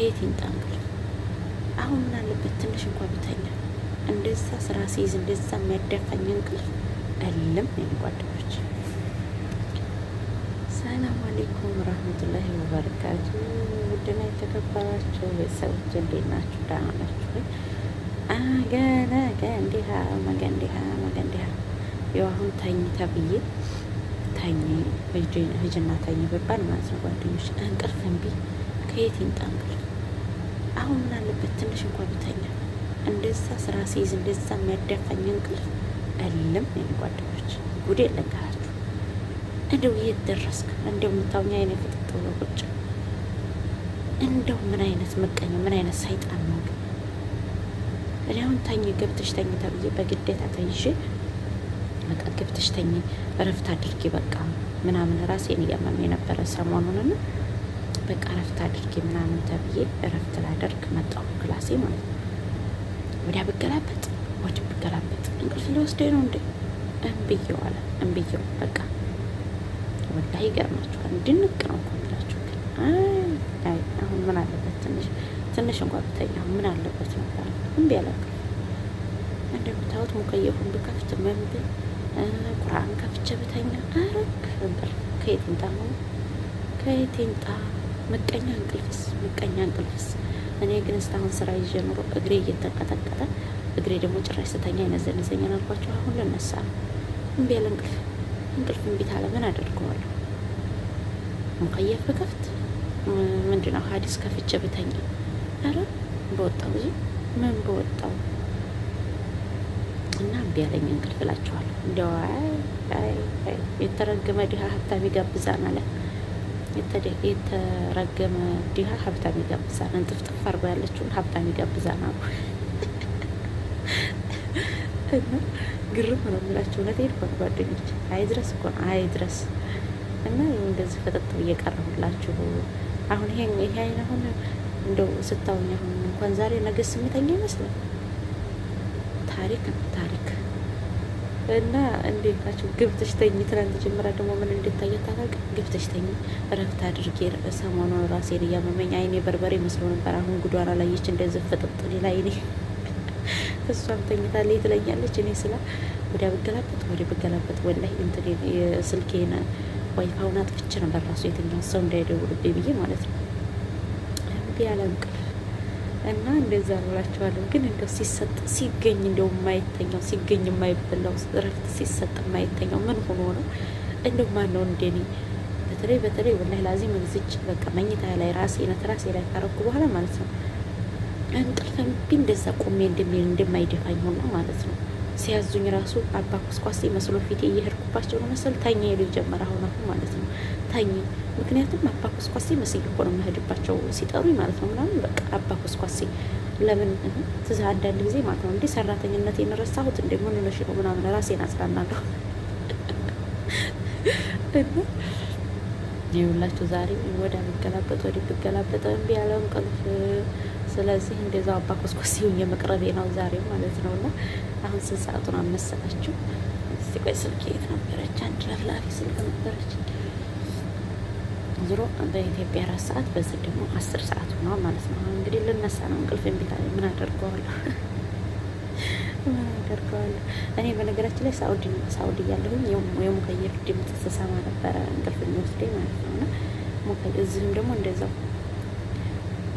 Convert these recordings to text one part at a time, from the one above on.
ከየት ይምጣ አሁን ምን አለበት ትንሽ እንኳ ብተኛ። እንደዛ ስራ ሲይዝ እንደዛ የሚያዳፋኝ እንቅልፍ እልም የሚ ጓደኞች። ሰላም አሌይኩም ረህመቱላሂ ወበረካቱ። ውድና የተከበራቸው ቤተሰቦች እንዴት ናችሁ? ደህና ናችሁ ወይ? ገና ገንዲሃ መገንዲሃ መገንዲሃ ያው አሁን ተኝ ተብዬ ተኝ ህጅና ተኝ በባል ማለት ነው ጓደኞች። እንቅልፍ እምቢ ከየት ይምጣ እንቅልፍ አሁን ምን አለበት ትንሽ እንኳ ብተኛ። እንደዛ ስራ ሲይዝ እንደዛ የሚያዳፋኝ እንቅልፍ እልም የኔ ጓደኞች፣ ጉዴ ለጋችሁ እንደው የት ደረስክ? እንደው የምታውኛ አይነ ፍጥጥ ብሎ ቁጭ እንደው ምን አይነት መቀኛ ምን አይነት ሰይጣን ነው ግን እኔ አሁን ታኝ ገብተሽ ተኝ ተብዬ በግዴታ ተይዤ በቃ ገብተሽ ተኝ እረፍት አድርጌ በቃ ምናምን ራሴን እያመመኝ የነበረ ሰሞኑንና በቃ እረፍት አድርጌ ምናምን ተብዬ እረፍት ላደርግ መጣሁ ክላሴ ማለት ነው። ወዲያ ብገላበጥ ወዲህ ብገላበጥ እንቅልፍ ሊወስደኝ ነው እንዴ? እምብየው አለ እምብየው በቃ ወላ ይገርማችኋል። እንድንቅ ነው እኮ የምላችሁ ግን አሁን ምን አለበት ትንሽ ትንሽ እንኳ ብተኛ ምን አለበት ነበር እምቢ ያለቅ እንደምታዩት ሙቀየፉን ብከፍት መንብ ቁርአን ከፍቼ ብተኛ አረክ እንቅልፍ ከየት ይምጣ ነው ከየት ይምጣ ምቀኛ እንቅልፍስ ምቀኛ እንቅልፍስ። እኔ ግን እስካሁን ስራ ይዤ ኑሮ እግሬ እየተንቀጠቀጠ እግሬ ደግሞ ጭራሽ ስተኛ ይነዘንዘኛል። አልኳቸው አሁን ልነሳ ነው። እምቢ ያለ እንቅልፍ እንቅልፍ እምቢት አለ። ምን አደርገዋለሁ? ሙከየፍ ብከፍት ምንድ ነው ሀዲስ ከፍቼ ብተኛ፣ ኧረ በወጣው ብዙ ምን በወጣው እና እምቢ ያለኝ እንቅልፍ እላቸዋለሁ። እንዲያው አይ አይ የተረገመ ድሀ ሀብታም ይጋብዛናል የተረገመ ድሃ ሀብታም ይጋብዛል፣ እንጥፍጥፍ አርባ ያለችውን ሀብታም ይጋብዛል አሉ። እና ግርም ነው የሚላቸው። እውነቴን እኮ ነው ጓደኞች፣ አይድረስ እኮ ነው አይድረስ። እና እንደዚህ ፈጠጥ ብዬ ቀረሁላችሁ። አሁን ይሄ ይሄ አይን አሁን እንደው ስታውኝ አሁን እንኳን ዛሬ ነገ ስምተኛ ይመስላል። ታሪክ ነው ታሪክ እና እንዴት ናቸው? ግብተሽ ተኝ። ትናንት ጀምራ ደግሞ ምን እንድታየ ታላቅ ግብተሽ ተኝ፣ እረፍት አድርጌ ሰሞኑ ራሴን እያመመኝ አይኔ በርበሬ መስሎ ነበር። አሁን ጉዷን አላየች እንደዚህ ፍጥጥ ሌላ አይኔ እሷም ተኝታ ላይ ትለኛለች። እኔ ስላ ወዲያ ብገላበጥ ወዲያ ብገላበጥ ወላሂ እንትን ስልኬን ዋይፋውን አጥፍቼ ነበር ራሱ የትኛው ሰው እንዳይደውልብኝ ብዬ ማለት ነው። ያለምቅ እና እንደዛ ነው ግን እንደው ሲሰጥ ሲገኝ እንደው የማይተኛው ሲገኝ የማይበላው እረፍት ሲሰጥ የማይተኛው ምን ሆኖ ነው? እንደው ማን ነው እንደኔ በተለይ በተለይ ወላሂ ላዚም ዝጭ በቃ መኝታ ላይ ራሴ ነት ራሴ ላይ ካረኩ በኋላ ማለት ነው እንቅልፍም እንደዛ ቆሜ እንደሚል እንደማይደፋኝ ሆኖ ማለት ነው ሲያዙኝ ራሱ አባ ኩስኳሴ መስሎ ፊቴ እየሄድኩባቸው ነው መሰል ታኛ ልጅ ጀመረ። አሁን አሁን ማለት ነው ተኝ። ምክንያቱም አባ ኮስኳሴ መስዬ እኮ ነው የምሄድባቸው ሲጠሩኝ ማለት ነው ምናምን በቃ አባ ኮስኳሴ ለምን ትዝ አንዳንድ ጊዜ ማለት ነው እንዴ ሰራተኝነት ረሳሁት እንደ ምን ነሽ ነው ምናምን ራሴን አጽናናለሁ። ይኸውላችሁ ዛሬ ወደ ብገላበጥ ወደ ብገላበጥ እምቢ ያለውን እንቅልፍ ስለዚህ እንደዛው አባ ኮስኮስ ሲሆን የመቅረቤ ነው ዛሬ ማለት ነው። እና አሁን ስንት ሰዓቱን አመሰላችሁ? እስቲ ቆይ ስልክ የት ነበረች? አንድ ለፍላፊ ስልክ ነበረች። ዞሮ በኢትዮጵያ አራት ሰዓት በዚህ ደግሞ አስር ሰዓት ሆኗል ማለት ነው። እንግዲህ ልነሳ ነው። እንቅልፍ ቤታ ምን አደርገዋለሁ? ምን አደርገዋለሁ? እኔ በነገራችን ላይ ሳውዲ ሳውዲ እያለሁኝ የሙከየፍ ድምፅ ስሰማ ነበረ እንቅልፍ የሚወስደኝ ማለት ነው። እና እዚህም ደግሞ እንደዛው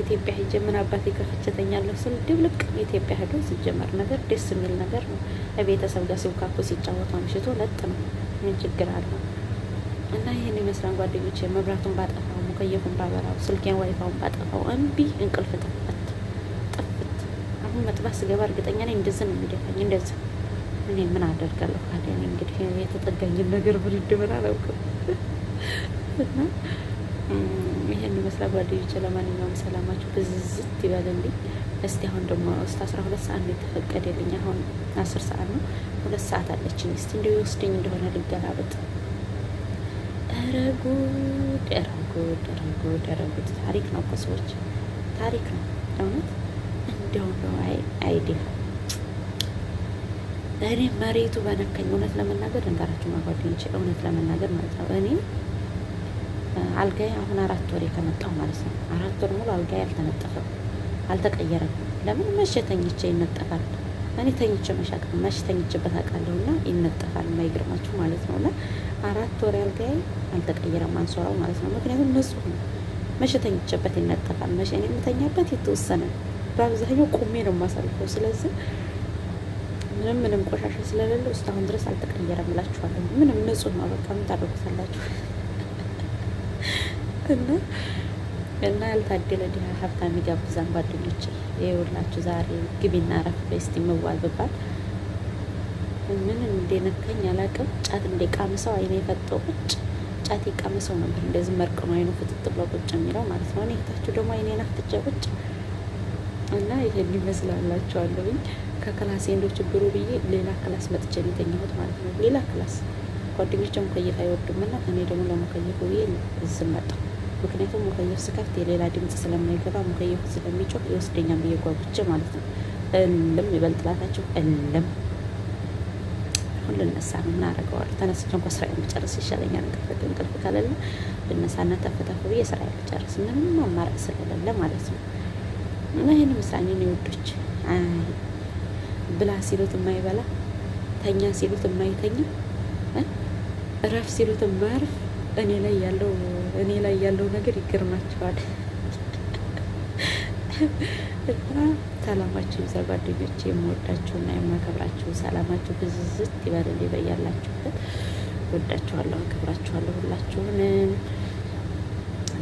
ኢትዮጵያ ሄጄ ምን አባቴ ከፍቼ ተኛለሁ ስል ድብልቅ ኢትዮጵያ ሄዶ ሲጀመር ነገር ደስ የሚል ነገር ነው። ቤተሰብ ጋር ሲውካኩ ሲጫወቱ አምሽቶ ለጥ ነው። ምን ችግር አለው? እና ይህን ይመስላል ጓደኞች። መብራቱን ባጠፋው፣ ሙከየፉን ባበራው፣ ስልኬን ዋይፋውን ባጠፋው እምቢ እንቅልፍ ጥፍት ጥፍት። አሁን መጥባት ስገባ እርግጠኛ ነኝ እንደዚህ ነው የሚደፋኝ። እንደዚህ እኔ ምን አደርጋለሁ ካለ እንግዲህ የተጠጋኝን ነገር ምን ምን አላውቅም። እና ይህን ይመስላል ጓደኞች። ለማንኛውም ሰላማችሁ ብዝዝት ይበልልኝ። እስቲ አሁን ደግሞ እስከ አስራ ሁለት ሰዓት ነው የተፈቀደልኝ። አሁን አስር ሰዓት ነው፣ ሁለት ሰዓት አለችኝ። እስቲ እንዲ ይወስደኝ እንደሆነ ልገላበጥ ኧረ ጉድ! ኧረ ጉድ! ኧረ ጉድ! ኧረ ጉድ! ታሪክ ነው እኮ ሰዎች፣ ታሪክ ነው እውነት። እንደው ነው አይዲያ እኔ መሬቱ በነካኝ እውነት ለመናገር ልንገራችሁ ጓደኞቼ፣ እውነት ለመናገር ማለት ነው እኔ አልጋዬ አሁን አራት ወር የተመጣው ማለት ነው። አራት ወር ሙሉ አልጋዬ አልተነጠፈም፣ አልተቀየረም። ለምን መሸተኝቼ ይነጠፋል እኔ ተኝቼ መሻቅ መሽ ተኝቼበት አውቃለሁ እና ይነጠፋል ማይግርማችሁ ማለት ነው። እና አራት ወር አልጋዬ አልተቀየረም አንሶራው ማለት ነው። ምክንያቱም ንጹህ ነው። መሽ ተኝቼበት ይነጠፋል። መሽ እኔ የምተኛበት የተወሰነ በአብዛኛው ቁሜ ነው የማሳልፈው። ስለዚህ ምንም ምንም ቆሻሻ ስለሌለው እስካሁን ድረስ አልተቀየረም እላችኋለሁ። ምንም ንጹህ ነው። በቃ ምን ታደርጉታላችሁ እና እና ያልታደለ ድሃ ሀብታም ይጋብዛን። ጓደኞች ይኸውላችሁ ዛሬ ግቢና ረፍ ስቲ መዋል ብባል ምን እንደነካኝ አላውቅም። ጫት እንደ ቃምሰው አይነ የፈጠው ቁጭ ጫት የቃምሰው ነበር። እንደዚህ ነው አይኑ ፍጥጥ ብሎ ቁጭ የሚለው ማለት ነው። እኔ እህታችሁ ደግሞ አይኔ ናፍጥጨ ቁጭ እና ይሄን ይመስላላችኋለሁኝ። ከክላስ እንዶ ችግሩ ብዬ ሌላ ክላስ መጥቼ የሚተኛሁት ማለት ነው። ሌላ ክላስ ጓደኞች ደግሞ ከየት አይወዱምና እኔ ደግሞ ለመከየቱ ብዬ ዝም መጣሁ። ምክንያቱም ሙከየፍ ስከፍት የሌላ ድምፅ ስለማይገባ ሙከየፍ ስለሚጮህ ይወስደኛል ብዬ ጓጉቼ ማለት ነው። እልም ይበል ጥላታቸው እልም አሁን ልነሳ ነው። ምን አደርገዋለሁ? ተነስቼ እንኳ ስራዬን ብጨርስ ይሻለኛል። እንቅልፍ እንቅልፍ ካለለ ልነሳና ተፈተፍ ብዬ ስራዬን ብጨርስ ምንም አማራጭ ስለሌለ ማለት ነው። እና ይህን ምሳኔ ነው የወዶች ብላ ሲሉት የማይበላ ተኛ ሲሉት የማይተኛ እረፍ ሲሉት የማያርፍ እኔ ላይ ያለው እኔ ላይ ያለው ነገር ይገርማቸዋል። እና ሰላማችሁ ይብዛ የምወዳችሁ እና የማከብራችሁ ሰላማችሁ ብዝዝት ይበልል ይበያላችሁበት። ወዳችኋለሁ፣ አከብራችኋለሁ። ሁላችሁንም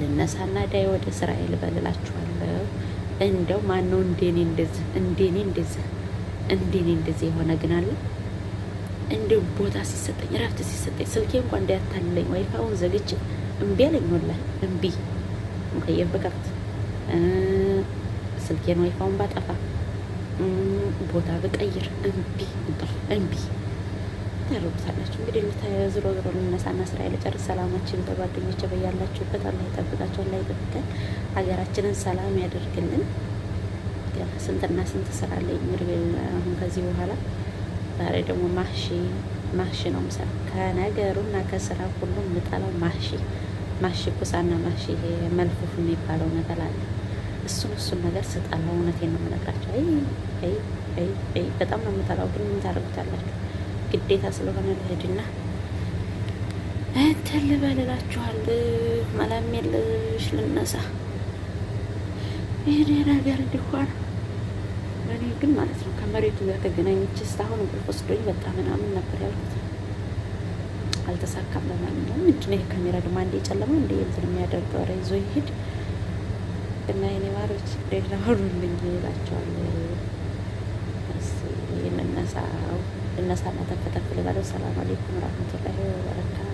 ልነሳና ዳይ ወደ እስራኤል በልላችኋለሁ። እንደው ማነው ነው እንደኔ እንደዚህ እንደኔ እንደዚህ እንደኔ እንደዚህ የሆነ ግን አለ እንደ ቦታ ሲሰጠኝ እረፍት ሲሰጠኝ ስልኬ እንኳን እንዳያታልለኝ ዋይፋውን ዘግቼ እምቢ አለኝ። ወላሂ እምቢ ሙከየፍ ብከፍት ስልኬን ዋይፋውን ባጠፋ ቦታ ብቀይር እምቢ እምቢ ታደርጉታላችሁ። እንግዲህ ዝሮ ዝሮ እንነሳና ስራ ለጨርስ። ሰላማችን በጓደኞች በያላችሁበት አላህ ይጠብቃችሁ፣ አላህ ይጠብቀን፣ ሀገራችንን ሰላም ያደርግልን። ስንትና ስንት ስራ ላይ አሁን ከዚህ በኋላ ዛሬ ደግሞ ማሺ ማሺ ነው ምሳ ከነገሩ እና ከስራ ሁሉ የምጠላው ማሺ ማሺ ኩሳና ማህሺ መልፉፍ የሚባለው ነገር አለ። እሱን እሱን ነገር ስጠላው እውነቴን ነው የምነግራቸው። አይ አይ አይ በጣም ነው የምጠላው። ግን ምን ታደርጉታላችሁ? ግዴታ ስለሆነ ልሂድና እንትን ልበል እላችኋለሁ። ልነሳ ይህኔ ነገር እንዲሆን አካባቢ ግን ማለት ነው ከመሬቱ ጋር ተገናኝች እስካሁን እንቅልፍ ወስዶኝ በጣ ምናምን ነበር ያልኩት። አልተሳካም። በማንኛውም ምንድን ይሄ ካሜራ ድማ እንደ ጨለማ እንደ እንትን የሚያደርገው ረ ይዞ ይሄድ እና የኔ ማሮች ሌላ ሁሉልኝ ይላቸዋል። ይህን እነሳ እነሳ እና ተፈተፍልባለ ሰላም አሌኩም ረመቱላ በረካ